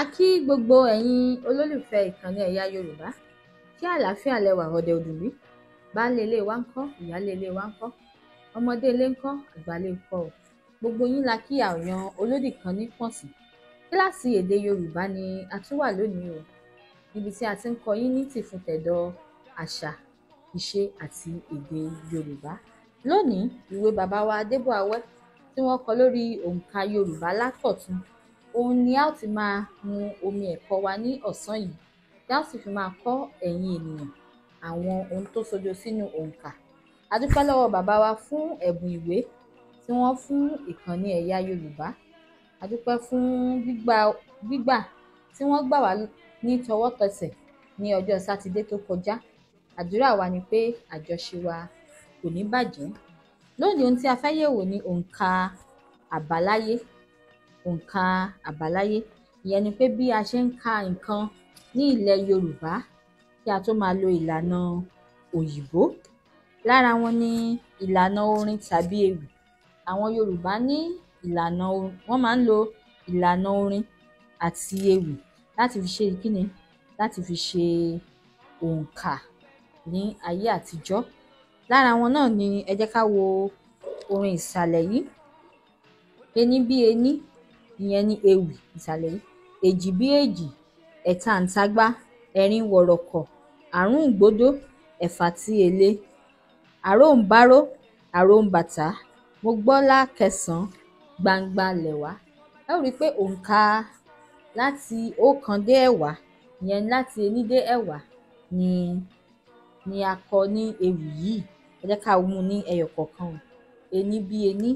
a kí gbogbo ẹ̀yin olólùfẹ́ ìkànnì ẹ̀yà yorùbá kí àlàáfíà lẹwà ọ̀dẹ òdùnrí baálé ilé wa ń kọ́ ìyáálé ilé wa ń kọ́ ọmọdé ilé ń kọ́ àgbàlẹ̀ ń kọ́ o gbogbo yín la kí àyàn olódì kan ní pọ̀sìn kíláàsì èdè yorùbá ni a tún wà lónìí o níbi tí a ti ń kọ́ yín ní tìfun tẹ̀dọ̀ àṣà ìṣe àti èdè yorùbá lónìí ìwé bàbá wa adébọ̀awẹ́ tí wọ́n kọ lórí òǹkà yorùbá látọ̀tún òun ni a ti máa mu omi ẹ̀kọ́ wa ní ọ̀sán yìí tí a ó sì fi máa kọ́ ẹ̀yin ènìyàn àwọn ohun tó sojo sínú òǹkà a lọ́wọ́ bàbá wa fún ẹ̀bùn ìwé tí wọ́n fún ìkànnì ẹ̀yà Yorùbá a dúpẹ́ fún gbígbà tí wọ́n gbà wá ní tọwọ́tẹsẹ̀ ní ọjọ́ sátidé tó kọjá àdúrà wa ni pé àjọṣe wa kò ní bàjẹ́ lónìí ohun tí a fẹ́ yẹ̀wò ni òǹkà àbáláyé òǹkà àbáláyé ìyẹn ni pé bí a ṣe ń ka nǹkan ní ilẹ̀ Yorùbá kí a tó máa lo ìlànà òyìnbó lára wọn ni ìlànà orin tàbí ewì àwọn Yorùbá ní ìlànà orin máa ń lo ìlànà orin àti ewì láti fi ṣe kí ni láti fi ṣe òǹkà ní ayé àtijọ́ lára wọn náà ni ẹ jẹ́ ká wo orin ìsàlẹ̀ yìí ení bí ení ìyẹn ní ewì ìsàlẹ̀ yìí èjì bí èjì ẹ̀ta àǹtagbá ẹ̀rin wọ̀rọ̀kọ̀ àrúngbòdó ẹ̀fà ti èle àróǹbáró àróǹbàtà mo gbọ́lá kẹsàn-án gbangba lẹ̀wá ẹ ó rí i pé òǹkà láti óòkan dé ẹ̀wá ìyẹn láti ení dé ẹ̀wá ni ni a kọ ní ewì yìí ẹ jẹ́ ká mú un ní ẹyọ kọ̀ọ̀kan ení bí ení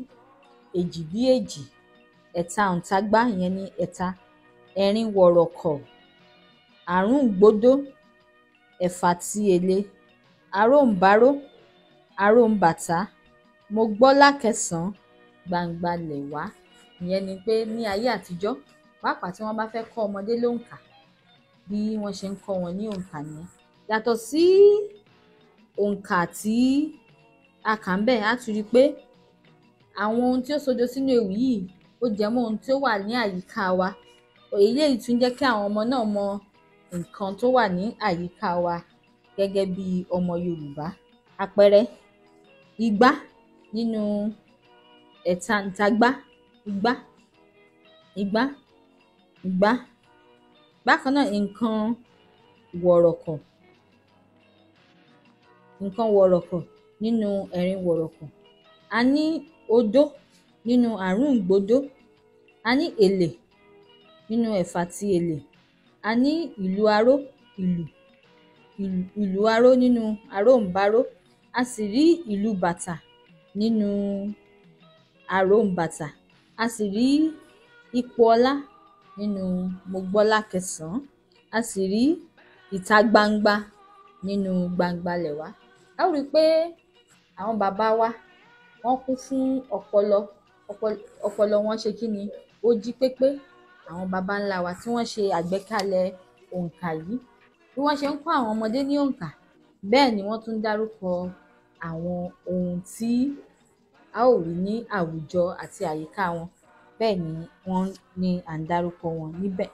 èjì bí èjì ẹ̀ta ọ̀ǹtagbá ìyẹn ní ẹ̀ta ẹ̀rin wọ̀rọ̀kọ̀ àrùngbódó ẹ̀fà ti èle aróǹbaró aróǹbàtá mo gbọ́ lákẹsàn-án gbangba lẹ̀ ìyẹn ni pé ní ayé àtijọ́ pàápàá tí wọ́n bá fẹ́ kọ́ ọmọdé lóǹkà bí wọ́n ṣe ń kọ́ wọn ní òǹkà nìyẹn yàtọ̀ sí òǹkà tí a kà ń bẹ̀ á tún rí i pé àwọn ohun tí ó sojo sínú ewì yìí ó jẹ́ mọ́ ohun tí ó wà ní àyíká wa eléyìí tún jẹ́ kí àwọn ọmọ náà mọ nǹkan tó wà ní àyíká wa gẹ́gẹ́ bí ọmọ Yorùbá àpẹẹrẹ igbá nínú ẹ̀ta ìtagbá igbá igbá igbá bákan náà nǹkan wọ̀rọ̀kọ̀ nǹkan wọ̀rọ̀kọ̀ nínú ẹ̀rin wọ̀rọ̀kọ̀ a ní odó nínú àrùngbódó a ní èlè nínú ẹ̀fà ti èlè a ní ìlù-aró ìlù ìlù-aró nínú àróǹbaró a sì rí ìlu bàtà nínú àróǹbàtà a sì rí ipò ọlá nínú mo gbọ́lá kẹsàn-án a sì rí ìta gbangba nínú gbangbalẹ̀ wá. A ó rí i pé àwọn bàbá wa wọ́n kún fún ọpọlọ ọpọlọ wọn ṣe kí ni ó jí pépé àwọn baba ńlá wa tí wọ́n ṣe àgbékalẹ̀ òǹkà yìí bí wọ́n ṣe ń kọ́ àwọn ọmọdé ní òǹkà bẹ́ẹ̀ ni wọ́n tún dárúkọ àwọn ohun tí a ó rí ní àwùjọ àti àyíká wọn bẹ́ẹ̀ ni wọ́n ní à ń dárúkọ wọn níbẹ̀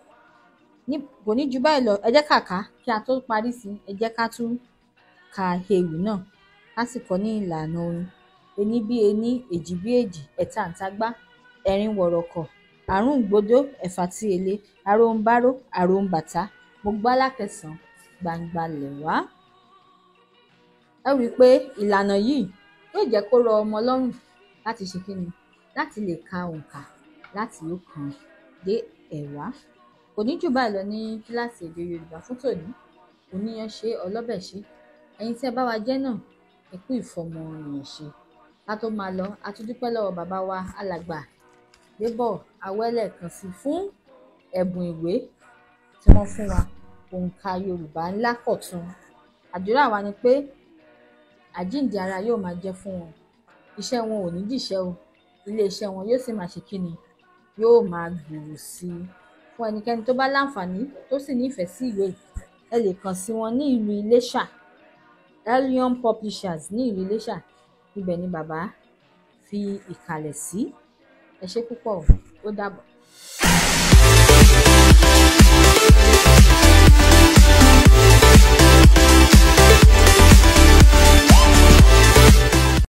ní kò ní ju báyìí lọ ẹ jẹ́ ká kí a tó parí sí ẹ jẹ́ ká tún ka ewì náà ká sì kọ ní ìlànà orin ení bí ení èjì bí èjì ẹ̀ta ǹtagbá ẹ̀rin wọ̀rọ̀kọ̀ àrùn gbódó ẹ̀fà tí èlé aróńbáró àróńbàtà mo gbá lákẹsàn gbangba lẹ̀wá. ẹ rí i pé ìlànà yìí yóò jẹ́ kó rọ ọmọ lọ́rùn láti ṣe kíni láti lè ka òǹkà láti ọ̀kan dé ẹ̀wá. kò ní jù báyìí lọ ní kíláàsì èdè Yorùbá fún tòní oníyanṣe ọlọ́bẹ̀ṣe ẹ̀yin tí ẹ bá wa jẹ́ náà ẹ kú ìfọmọ ìyànṣe ká tó máa lọ a tún dúpẹ́ lọ́wọ́ bàbá wa alàgbà Débọ̀ Awẹ́lẹ̀ kan sí fún ẹ̀bùn ìwé tí wọ́n fún wa òǹkà Yorùbá ńlá kọ̀tun àdúrà wa ni pé àjíǹde ara yóò máa jẹ́ fún wọn iṣẹ́ wọn ò ní dìṣẹ́ o iléeṣẹ́ wọn yóò sì máa ṣe kí ni yóò máa gbòòrò sí i fún ẹnikẹ́ni tó bá láǹfààní tó sì nífẹ̀ẹ́ sí ìwé ẹ lè kàn sí wọn ní ìlú Iléṣà Elion Publishers ní ìlú Iléṣà ibẹ̀ ni bàbá fi ìkàlẹ̀ sí ẹ ṣé púpọ̀ ó dàbọ̀.